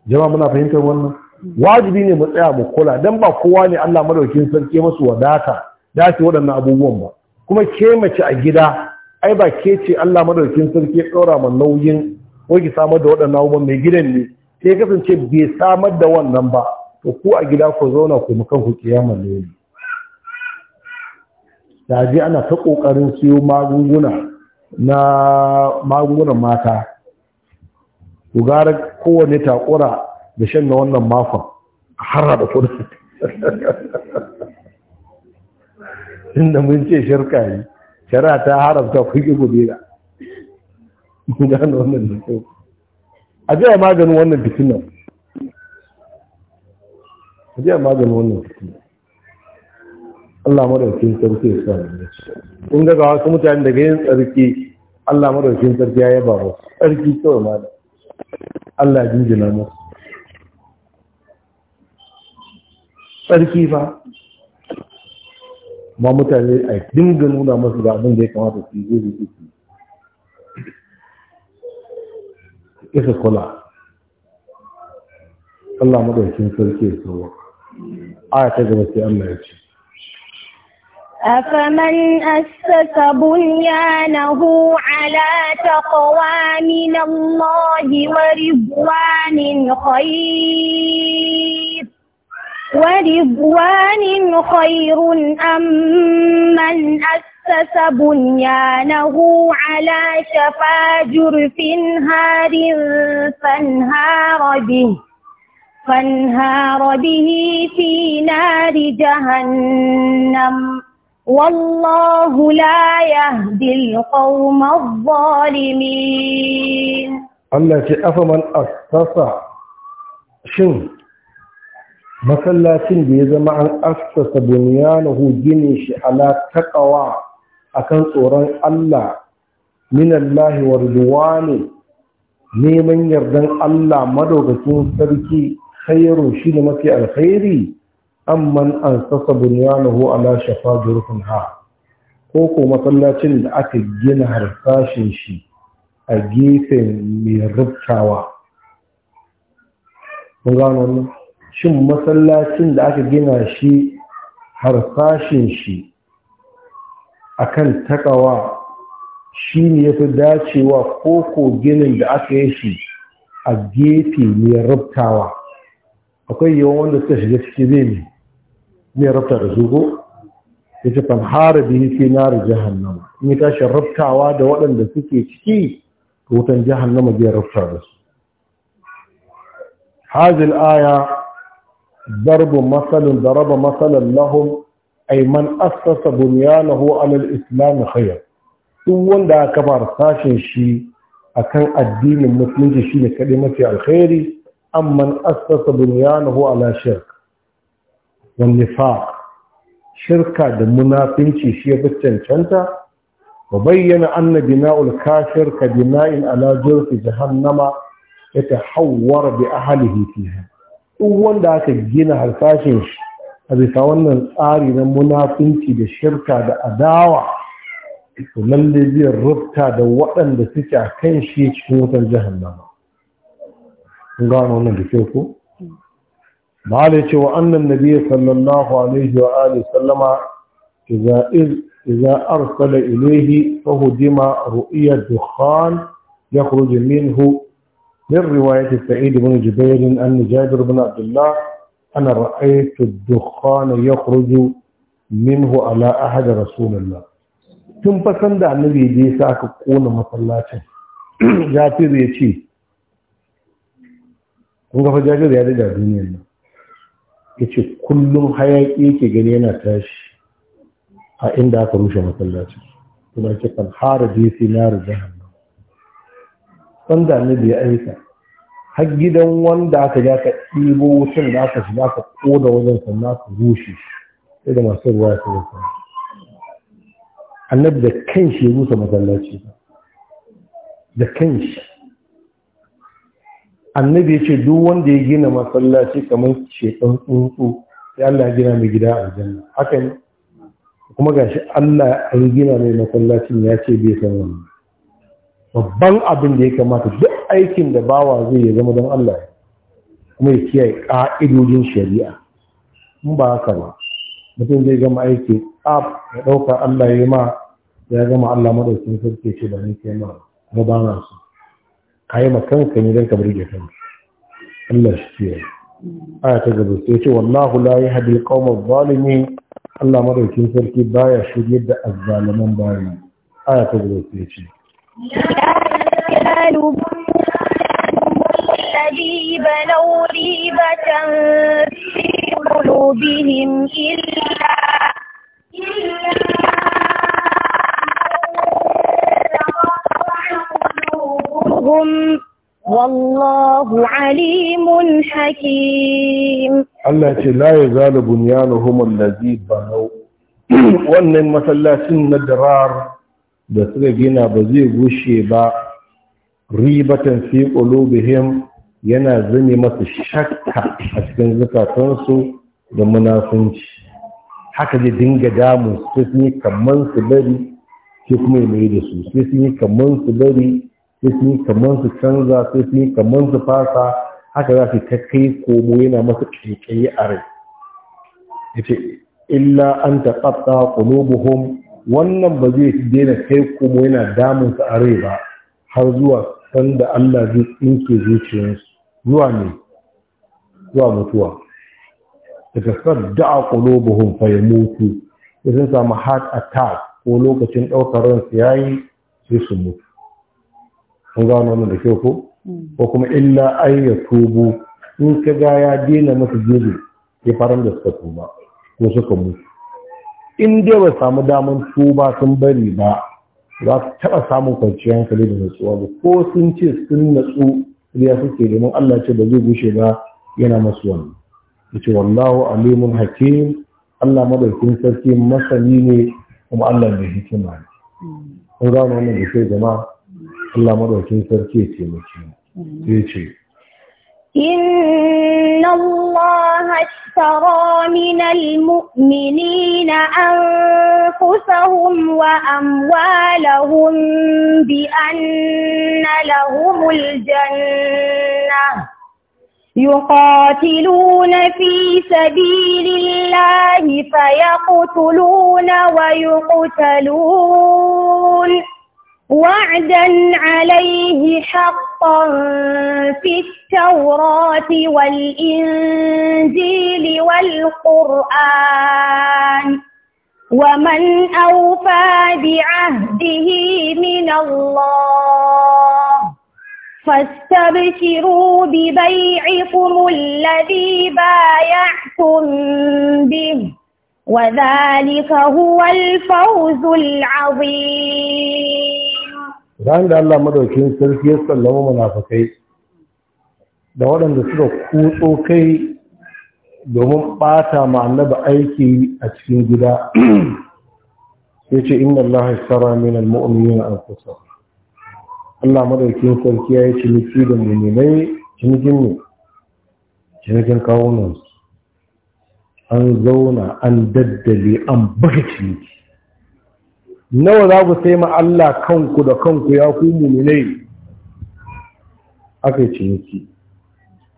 Speaker 1: Jama muna fahimtar wannan wajibi ne mu tsaya mu kula don ba kowa ne Allah madaukin sarki masu wadata da ce waɗannan abubuwan ba kuma ke mace a gida ai ba ke ce Allah madaukin sarki ya ɗora ma nauyin ko ki samar da waɗannan abubuwan mai gidan ne sai kasance bai samar da wannan ba to ku a gida ku zauna ku mu kanku kiyama ne da ji ana ta kokarin siyo magunguna na magungunan mata ku gara kowane takura da shan na wannan makon har da kudi inda mun ce shirka ne shara ta haramta kuɗi gobe da gudana wannan da kyau a jiya maganin wannan nan, a jiya maganin wannan nan, Allah madaukin sarki ya sa ne kun ga wasu mutane daga yin tsarki Allah madaukin sarki ya yaba ba tsarki kawai ma Allah jinjina musu tsarki fa ma mutane a dinga nuna masu da abin da ya kamata su yi zai isa kula Allah madaukin sarki ya sauwa aya ta gaba sai Allah ya ce
Speaker 3: أفمن أسس بنيانه على تقوى من الله ورضوان خير ورضوان خير أم من أسس أسس بنيانه على شفا جرف هار فانهار به فانهار به في نار جهنم والله لا يهدي القوم الظالمين
Speaker 1: التي أفمن أسس شن مثلا da ya zama an assasa buniyanahu ginin shi ala akan tsoron Allah minallahi wa ridwani neman yardan Allah madaukakin sarki khairu shi ne mafi alkhairi amman an sasa bunyanahu ala shafa jurfin ha ko ko masallacin da aka gina harsashin shi a gefen mai rubtawa mun gano shin masallacin da aka gina shi harsashin shi akan takawa shi ne ya fi dacewa ko ko ginin da aka yi shi a gefe mai rabtawa akwai yawan wanda suka shiga ciki zai ne mai rabta da zugo ya ce kan hara bihi fi nari jahannama in ya tashi rabtawa da waɗanda suke ciki to wutan jahannama zai rabta da su hazil aya darbu da raba masalin lahum ay man assasa bunyanahu ala al-islam khayr duk wanda aka fara sashin shi akan addinin musulunci shine kadai mafi alkhairi amman assasa bunyanahu ala shirk wal nifaq shirka da munafinci shi ya cancanta wa bayyana anna bina'ul kafir ka bina'in ala jurfi jahannama yatahawwar bi ahlihi fiha duk wanda aka gina harsashin shi a bisa wannan tsari na munafunci da shirka da adawa to lalle zai rufta da waɗanda suke a kan shi cikin wutan jahannama kun gano wannan da kyau ko ba da cewa annan nabi sallallahu alaihi wa alihi sallama idza إذا أرسل إليه فهدم رؤية دخان يخرج منه من رواية سعيد بن جبير أن جابر بن عبد الله ana ra'aitu dukhana minhu ala ahad rasulullah tun fasan da annabi da yasa aka kona masallacin jafir ya ce kun ga fa ya daga duniyar nan ce kullum hayaki yake gani yana tashi a inda aka rushe masallacin kuma yake kan hara jisi na annabi ya aika har gidan wanda aka ja ka ɗibo wutan da aka shiga ka ƙoda wajen sannan ka rushe sai da masu ruwa yi sani annabi da kan shi ya rusa masallaci da kan shi annabi ya ce duk wanda ya gina masallaci kamar shekan tsuntsu sai Allah ya gina mai gida aljanna hakan kuma gashi Allah an gina mai masallacin ya ce bai san wannan babban abin da ya kamata duk aikin da bawa zai ya zama don Allah ya kuma ya kiyaye ƙa'idojin shari'a in ba haka ba mutum zai gama aiki ab ya ɗauka Allah ya ma ya gama Allah maɗaukin sarki ce da ni ke ma kuma ba na su ka yi ma kanka ne don ka burge kanka Allah shi kiyaye aya ta gaba sai ce wallahu la yi hadi qawma zalimin Allah maɗaukin sarki baya shirye da azzaliman bayan aya ta gaba sai ce
Speaker 3: الذيب لو ريبة في قلوبهم إلا قلوبهم والله عليم حكيم
Speaker 1: التي لا يزال بنيانهم الذي بنوا ونن مثلا سن درار بسرقنا بزيغ وشيبا ribatan fi qulubihim yana zume masu shakka a cikin zukatansu da munafunci haka zai dinga damun su sun yi kamar su bari sai kuma mai da su sai sun yi kamar su bari sai sun yi kamar su canza sai sun yi kamar su fasa haka za su ta kai komo yana masu ƙaiƙayi a rai yace illa an taqatta qulubuhum wannan ba zai daina kai komo yana damun su a rai ba har zuwa sanda Allah zai tsinke zuciyarsu zuwa ne zuwa mutuwa da tasar da'a qulubuhum mutu, ya sun samu heart attack ko lokacin ɗaukar ransu yi, sai su mutu sun gano wannan da kyau ko mm. ko kuma illa ya tubu in ka ga ya dena masa jibi ya faran da suka tuba ko suka mutu in dai ba samu daman tuba sun bari ba za su taɓa samun kwanciyar hankali da nutsuwa ba ko sun ce sun natsu ya suke domin Allah ce ba zai gushe ba yana masu wani ce wallahu alimun hakim Allah madaukin sarki masani ne kuma Allah mai hikima ne kun gano wannan da sai jama'a Allah madaukin sarki ya ce mu ya ce
Speaker 3: إن الله اشترى من المؤمنين أن أنفسهم وأموالهم بأن لهم الجنة يقاتلون في سبيل الله فيقتلون ويقتلون وعدا عليه حقا في التوراة والإنجيل والقرآن ومن أوفى بعهده من الله فاستبشروا ببيعكم الذي بايعتم به وذلك هو الفوز العظيم
Speaker 1: ran da Allah madaukin sarki ya sallama munafikai da waɗanda suka kutso kai domin ɓata ma annaba aiki a cikin gida <clears throat> ya ce inna Allah tsara min al-mu'minin kusa. Allah madaukin sarki ya yi ciniki da mummunai cinikin ne cinikin kawunan an zauna an daddale an baka ciniki nawa za ku sai ma Allah kanku da kanku ya ku mu'minai aka yi ciniki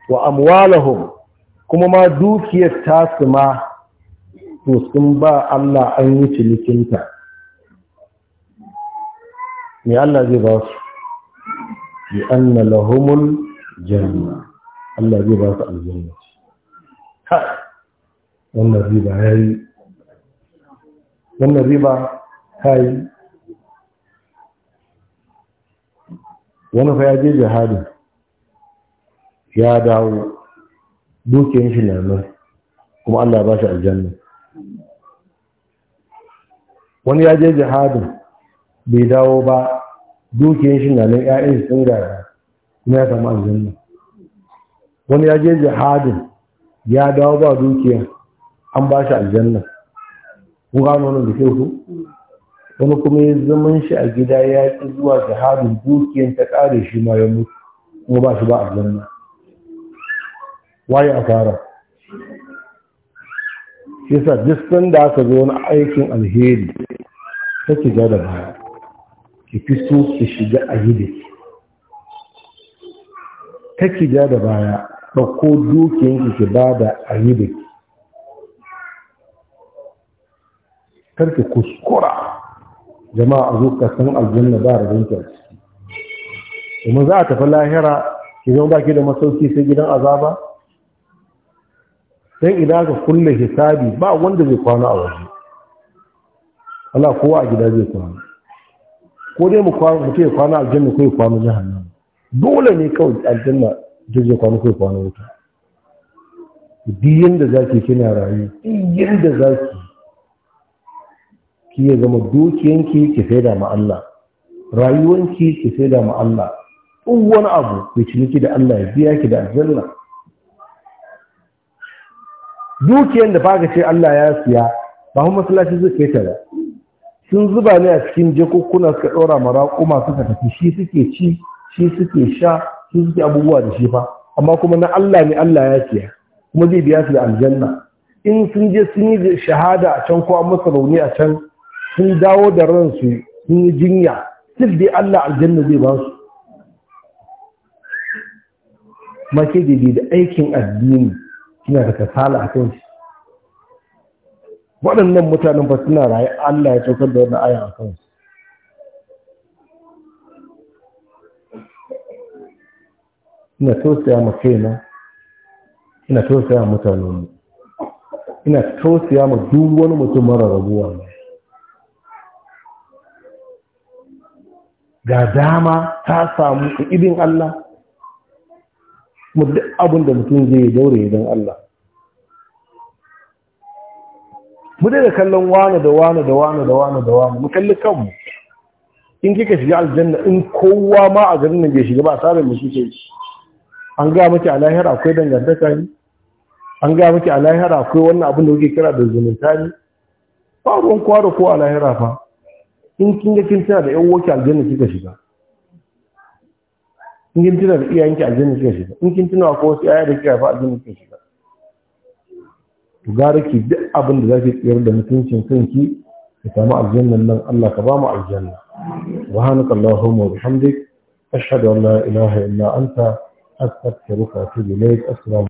Speaker 1: wa amwalahum kuma ma dukiyar tasu ma to sun ba Allah an yi cinikinta me Allah zai ba su an na lahumun jami'a. Allah zai ba su aljanna ha wannan riba yi wannan riba yi. wani fa ya je jihadin ya dawo dukiyar shi na kuma Allah ba shi aljanna wani ya je jihadin bai dawo ba dukiyar shi na nan ƴaƴan sun gara kuma ya samu aljanna wani ya je jihadin ya dawo ba dukiya an ba shi aljanna kun gano wani da ku wani kuma ya zaman shi a gida ya ƙi zuwa jihadin dukiyar ta kare shi ma ya mutu kuma ba shi ba aljanna waye a fara? yasa duk da aka zo wani aikin alheri ta ki da baya ki fi so ki shiga a yi da ki ta ki da baya ɗauko dukiyan ki ba da a yi da ki karki kuskura jama'a a zo ka san aljanna ba da ki ciki domin za a tafi lahira ki zama baki da masauki sai gidan azaba Sai idan ka kulle hisabi ba wanda zai kwana a waje Allah kowa a gida zai kwana ko dai mu kwana mutum ya kwana aljanna ko ya kwana jahannama dole ne kawai aljanna jirgin kwana ko ya kwana wuta duk yanda zaki kina rayu duk yanda zaki ki ya zama dukiyanki ki saida ma Allah rayuwanki ki saida ma Allah duk wani abu mai ciniki da Allah ya biya ki da aljanna dukiyar da baka ce Allah ya siya ba kuma masallaci zai ta sun zuba ne a cikin jikokuna suka ɗora kuma suka tafi shi suke ci shi suke sha shi suke abubuwa da shi fa amma kuma na Allah ne Allah ya siya kuma zai biya su da aljanna in sun je sun yi shahada a can ko an masa rauni a can sun dawo da ransu sun yi jinya duk dai Allah aljanna zai ba su da aikin addini kina da kasala a kan shi waɗannan mutanen ba suna raye Allah ya saukar da wani aya a kan su ina tosiya ma kaina ina tosiya mutanen mu ina tosiya ma duk wani mutum mara rabuwa ne ga dama ta samu ka idin Allah kuma duk abin da mutum zai daure don Allah mu da kallon wane da wane da wane da wane da wane mu kanmu in kika shiga aljanna in kowa ma a garin nan bai shiga ba a sabon suke yi. an ga miki a lahira akwai dangantaka ne an ga miki a lahira akwai wannan abin da kuke kira da zumunta ne ba ruwan kwaro ko a lahira fa in kin ga kin tana da yan woki aljanna kika shiga in kin tuna da iyayenki aljanna suka shiga in kin tuna ko wasu iyaye da kika fa aljanna suka shiga to gara ki duk abin da zaki tsayar da mutuncin kanki ki samu aljannan nan Allah ka ba mu aljanna subhanaka allahumma wa bihamdik ashhadu an la ilaha illa anta astaghfiruka wa atubu ilayk assalamu